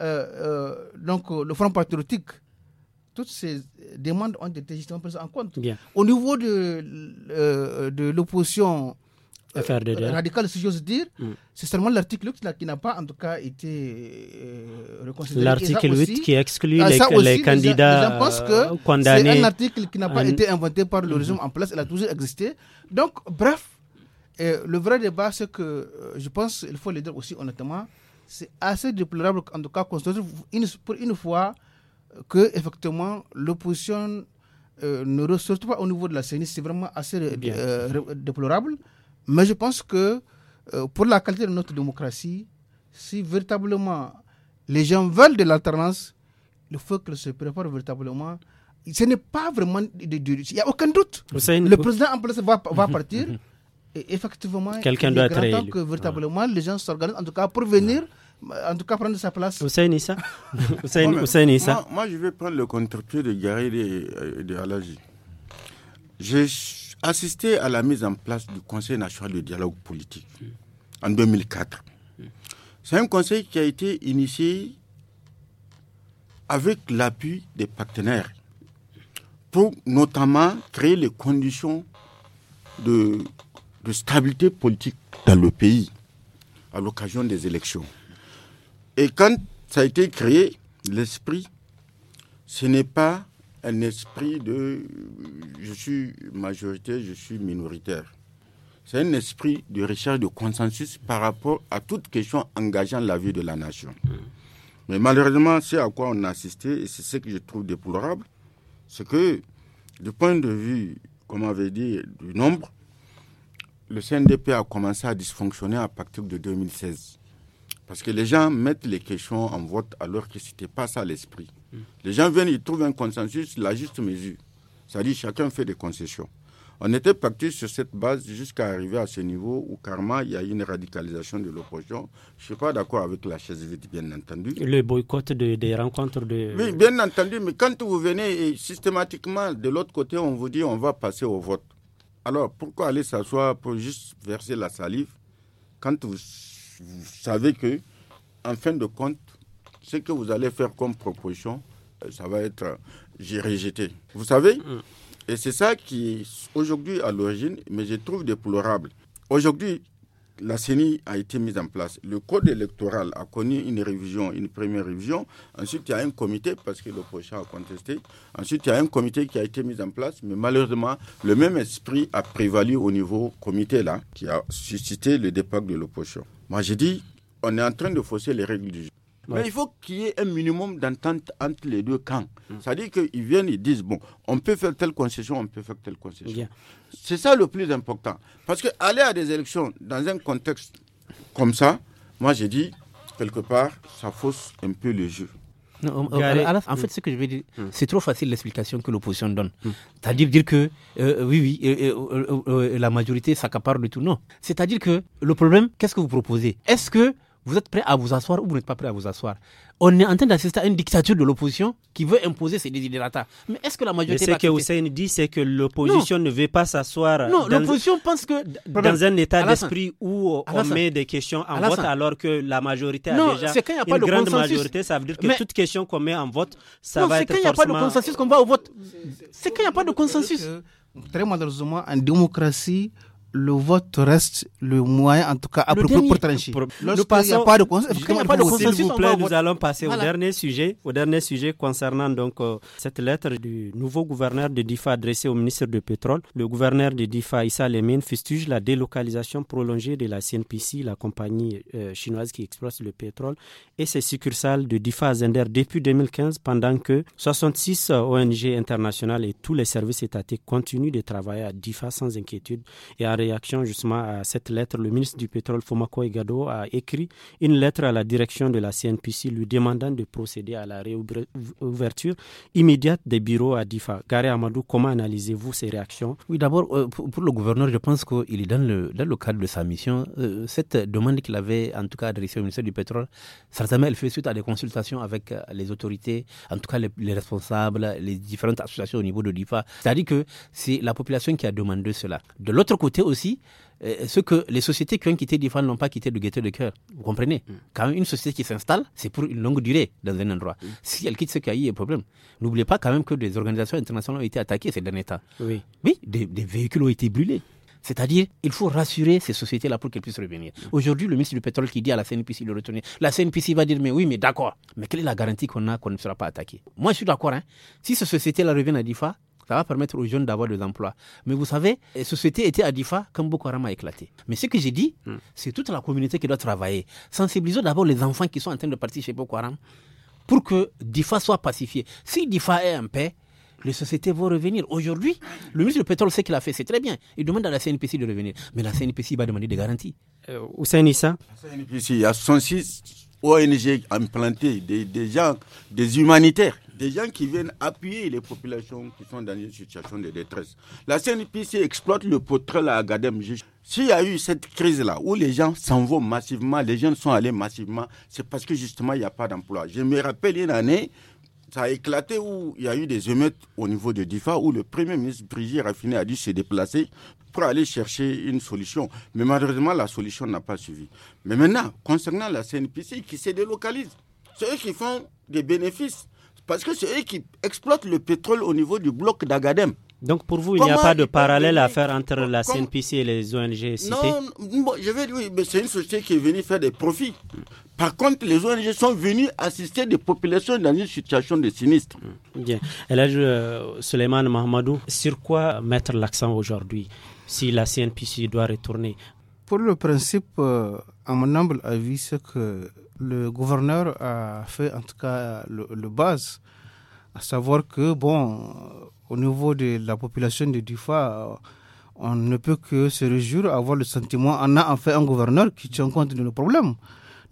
euh, donc, le Front patriotique, toutes ces demandes ont été justement prises en compte. Au niveau de, de l'opposition euh, radical, si j'ose dire. Mm. C'est seulement l'article 8 qui n'a pas, en tout cas, été euh, reconsidéré. L'article 8 qui exclut ah, les, candidats euh, condamnés. C'est un article qui n'a pas été inventé par le régime en place, il a toujours existé. Donc, bref, le vrai débat, c'est que je pense, il faut le dire aussi honnêtement, c'est assez déplorable, en tout cas, pour une fois que, effectivement, l'opposition ne ressort pas au niveau de la CNI, C'est vraiment assez déplorable. Mais je pense que euh, pour la qualité de notre démocratie, si véritablement les gens veulent de l'alternance, il faut se prépare véritablement. Ce n'est pas vraiment. Il n'y a aucun doute. Le président en place va, partir. Et effectivement, quelqu'un doit être élu. que véritablement les gens s'organisent, en tout cas pour venir, en tout cas prendre sa place. Hussein Issa, moi, moi, je vais prendre le contre-pied de Gary et de, euh, de J'ai Assister à la mise en place du Conseil national de dialogue politique en 2004. C'est un conseil qui a été initié avec l'appui des partenaires pour notamment créer les conditions de, de stabilité politique dans le pays à l'occasion des élections. Et quand ça a été créé, l'esprit, ce n'est pas un esprit de je suis majorité, je suis minoritaire. C'est un esprit de recherche de consensus par rapport à toute question engageant la vie de la nation. Mm. Mais malheureusement, c'est à quoi on a assisté, et c'est ce que je trouve déplorable, c'est que du point de vue, comme on avait dit, du nombre, le CNDP a commencé à dysfonctionner à partir de 2016. Parce que les gens mettent les questions en vote alors que ce n'était pas ça l'esprit. Mm. Les gens viennent, ils trouvent un consensus, la juste mesure. C'est-à-dire chacun fait des concessions. On était parti sur cette base jusqu'à arriver à ce niveau où karma, il y a une radicalisation de l'opposition. Je ne suis pas d'accord avec la chaise vide, bien entendu. Le boycott des rencontres de... Oui, bien entendu, mais quand vous venez systématiquement, de l'autre côté, on vous dit on va passer au vote. Alors, pourquoi aller s'asseoir pour juste verser la salive quand vous, vous savez que, en fin de compte, ce que vous allez faire comme proposition, euh, ça va être, euh, j'ai rejeté. Vous savez mm. Et c'est ça qui, aujourd'hui, à l'origine, mais je trouve déplorable. Aujourd'hui, la CENI a été mise en place. Le code électoral a connu une révision, une première révision. Ensuite, il y a un comité, parce que le prochain a contesté. Ensuite, il y a un comité qui a été mis en place, mais malheureusement, le même esprit a prévalu au niveau comité, là, qui a suscité le départ de l'opposition. Moi, j'ai dit, on est en train de fausser les règles du jeu. Mais il faut qu'il y ait un minimum d'entente entre les deux camps. Mm. C'est-à-dire qu'ils viennent, ils disent, bon, on peut faire telle concession, on peut faire telle concession. C'est ça le plus important. Parce que aller à des élections dans un contexte comme ça, moi j'ai dit, quelque part, ça fausse un peu le jeu. Non, en fait, mm. ce que je veux dire, mm. c'est trop facile l'explication que l'opposition donne. C'est-à-dire dire que, euh, euh, oui, oui, euh, la majorité s'accapare de tout. Non. C'est-à-dire que le problème, qu'est-ce que vous proposez Est-ce que vous êtes prêt à vous asseoir ou vous n'êtes pas prêt à vous asseoir On est en train d'assister à une dictature de l'opposition qui veut imposer ses désidératas. Mais est-ce que la majorité. ce que Hussein dit, c'est que l'opposition ne veut pas s'asseoir. Non, l'opposition pense que. Dans un état d'esprit où on met des questions en vote alors que la majorité a déjà. une grande majorité, ça veut dire que toute question qu'on met en vote, ça va être. Non, c'est quand il n'y a pas de consensus qu'on va au vote. C'est quand il n'y a pas de consensus. Très malheureusement, en démocratie, le vote reste le moyen, en tout cas, approprié pour trancher. Nous a pas de consensus, vous nous allons passer au dernier sujet, au dernier sujet concernant donc euh, cette lettre du nouveau gouverneur de DIFA adressée au ministre du Pétrole. Le gouverneur de DIFA, Issa Lemine, fustige la délocalisation prolongée de la CNPC, la compagnie euh, chinoise qui exploite le pétrole, et ses succursales de DIFA à Zender depuis 2015, pendant que 66 ONG internationales et tous les services étatiques continuent de travailler à DIFA sans inquiétude et à réaction justement à cette lettre, le ministre du Pétrole, Fomako Egado, a écrit une lettre à la direction de la CNPC lui demandant de procéder à la réouverture immédiate des bureaux à DIFA. Gary Amadou, comment analysez-vous ces réactions Oui, d'abord, euh, pour le gouverneur, je pense qu'il est dans le, le cadre de sa mission. Euh, cette demande qu'il avait en tout cas adressée au ministère du Pétrole, certainement elle fait suite à des consultations avec euh, les autorités, en tout cas les, les responsables, les différentes associations au niveau de DIFA. C'est-à-dire que c'est la population qui a demandé cela. De l'autre côté, aussi euh, ce que les sociétés qui ont quitté DIFA n'ont pas quitté de ghetto de cœur. Vous comprenez mm. Quand une société qui s'installe, c'est pour une longue durée dans un endroit. Mm. Si elle quitte ce cahier il y a problème. N'oubliez pas quand même que des organisations internationales ont été attaquées ces derniers temps. Oui, des, véhicules ont été brûlés. C'est-à-dire, il faut rassurer ces sociétés-là pour qu'elles puissent revenir. Mm. Aujourd'hui, le ministre du pétrole qui dit à la CNPC de retourner, la CNPC va dire, mais oui, mais d'accord, mais quelle est la garantie qu'on a qu'on ne sera pas attaqué Moi, je suis d'accord. Hein. Si ces sociétés-là reviennent à DIFA, ça va permettre aux jeunes d'avoir des emplois. Mais vous savez, la société était à DIFA quand Boko Haram a éclaté. Mais ce que j'ai dit, hmm. c'est toute la communauté qui doit travailler. Sensibilisons d'abord les enfants qui sont en train de partir chez Boko Haram pour que DIFA soit pacifié. Si DIFA est en paix, les sociétés vont revenir. Aujourd'hui, le ministre du pétrole sait qu'il a fait, c'est très bien. Il demande à la CNPC de revenir. Mais la CNPC va demander des garanties. Euh, où c'est ça La CNPC, il y a 106 ONG implantées, des gens, des humanitaires des gens qui viennent appuyer les populations qui sont dans une situation de détresse. La CNPC exploite le potrel à Agadem. S'il y a eu cette crise-là où les gens s'en vont massivement, les gens sont allés massivement, c'est parce que justement il n'y a pas d'emploi. Je me rappelle une année, ça a éclaté où il y a eu des émeutes au niveau de DIFA où le Premier ministre Brigitte Raffiné a dû se déplacer pour aller chercher une solution. Mais malheureusement, la solution n'a pas suivi. Mais maintenant, concernant la CNPC qui se délocalise, c'est eux qui font des bénéfices. Parce que c'est eux qui exploitent le pétrole au niveau du bloc d'Agadem. Donc pour vous, il n'y a pas de parallèle à faire entre la CNPC et les ONG Non, je vais dire, oui, c'est une société qui est venue faire des profits. Par contre, les ONG sont venues assister des populations dans une situation de sinistre. Hmm. Bien. Et là, je, Suleiman Mahamadou, sur quoi mettre l'accent aujourd'hui si la CNPC doit retourner Pour le principe, euh, à mon humble avis, c'est que le gouverneur a fait en tout cas le, base, à savoir que, bon, euh, au niveau de la population de Dufa, euh, on ne peut que se réjouir, avoir le sentiment, on a en fait un gouverneur qui tient compte de nos problèmes.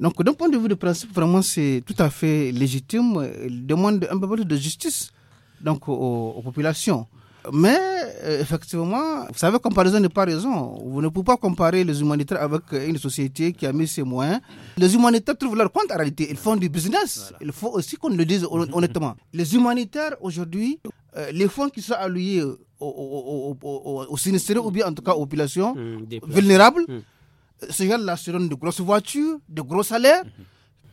Donc, d'un point de vue de principe, vraiment, c'est tout à fait légitime. Il demande un peu plus de justice donc, aux, aux populations. Mais euh, effectivement, vous savez, comparaison n'est pas raison. Vous ne pouvez pas comparer les humanitaires avec euh, une société qui a mis ses moyens. Les humanitaires trouvent leur compte en réalité. Ils font du business. Il faut aussi qu'on le dise mm-hmm. honnêtement. les humanitaires aujourd'hui, euh, les fonds qui sont alloués aux, sinistrés ou bien en tout cas aux populations mm, vulnérables, ce mm. ces là se donnent de grosses voitures, de gros salaires.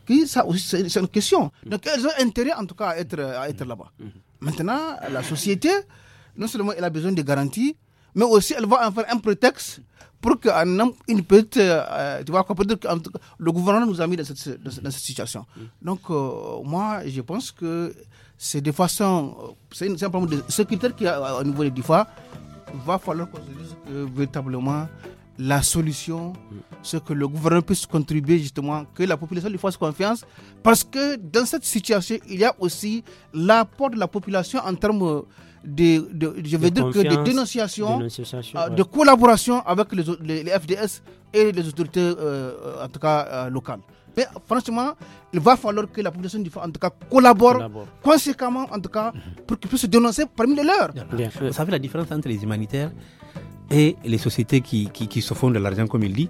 Mm-hmm. ça c'est une question. Mm. Donc, elles ont intérêt en tout cas être, à être là-bas. Mm-hmm. Maintenant, la société non seulement elle a besoin de garanties, mais aussi elle va en faire un prétexte pour qu'un une petite, euh, tu vois, peut dire que le gouvernement nous a mis dans cette, situation. Mm. Donc, euh, moi, je pense que c'est de façon, euh, c'est un problème de qui a au niveau des DIFA. Va falloir qu'on se dise que véritablement la solution, mm. ce que le gouvernement puisse contribuer justement, que la population lui fasse confiance, parce que dans cette situation, il y a aussi l'apport de la population en termes de, je veux dire que des dénonciations euh, de collaboration avec les, les, FDS et les autorités, euh, en tout cas euh, locales. Mais franchement, il va falloir que la population du en tout cas collabore, conséquemment, en tout cas, pour qu'ils puissent se dénoncer parmi les leurs. Vous savez la différence entre les humanitaires et les sociétés qui, qui, qui se font de l'argent, comme il dit,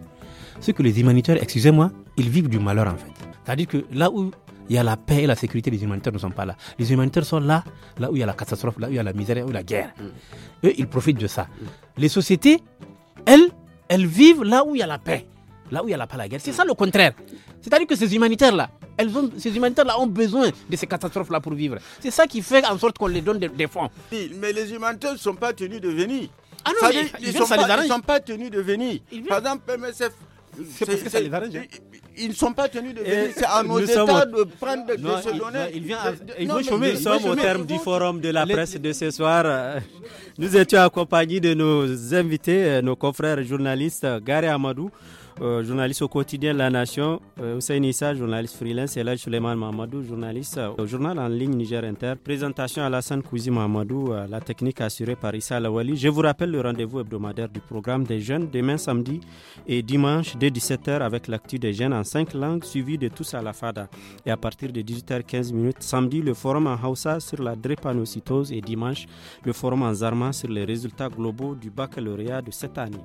c'est que les humanitaires, excusez-moi, ils vivent du malheur en fait. C'est-à-dire que là où il y a la paix et la sécurité, les humanitaires ne sont pas là. Les humanitaires sont là, là où il y a la catastrophe, là où il y a la misère, là où il y a la guerre. Mm. Eux, ils profitent de ça. Mm. Les sociétés, elles, elles vivent là où il y a la paix, là où il n'y a la pas la guerre. C'est mm. ça le contraire. C'est-à-dire que ces humanitaires-là, elles ont, ces humanitaires-là ont besoin de ces catastrophes-là pour vivre. C'est ça qui fait en sorte qu'on les donne des, fonds. mais les humanitaires ne sont pas tenus de venir. Ah non, ça ils ne sont, pas tenus de venir. Par exemple, MSF, Hein. Ils ne sont pas tenus de venir. C'est à nos États de prendre de se Nous sommes au terme du forum de la presse de ce soir. Nous étions accompagnés de nos invités, nos confrères journalistes, Gary Amadou. Euh, journaliste au quotidien La Nation, euh, Hussein Issa, journaliste freelance, Elad Suleiman Mamadou, journaliste euh, au journal en ligne Niger Inter. Présentation à Alassane Kouzi Mamadou, euh, la technique assurée par Issa Lawali. Je vous rappelle le rendez-vous hebdomadaire du programme des jeunes demain samedi et dimanche dès 17h avec l'actu des jeunes en 5 langues suivi de tous à la FADA. Et à partir de 18h15 minutes, samedi, le forum en Hausa sur la drépanocytose et dimanche, le forum en Zarma sur les résultats globaux du baccalauréat de cette année.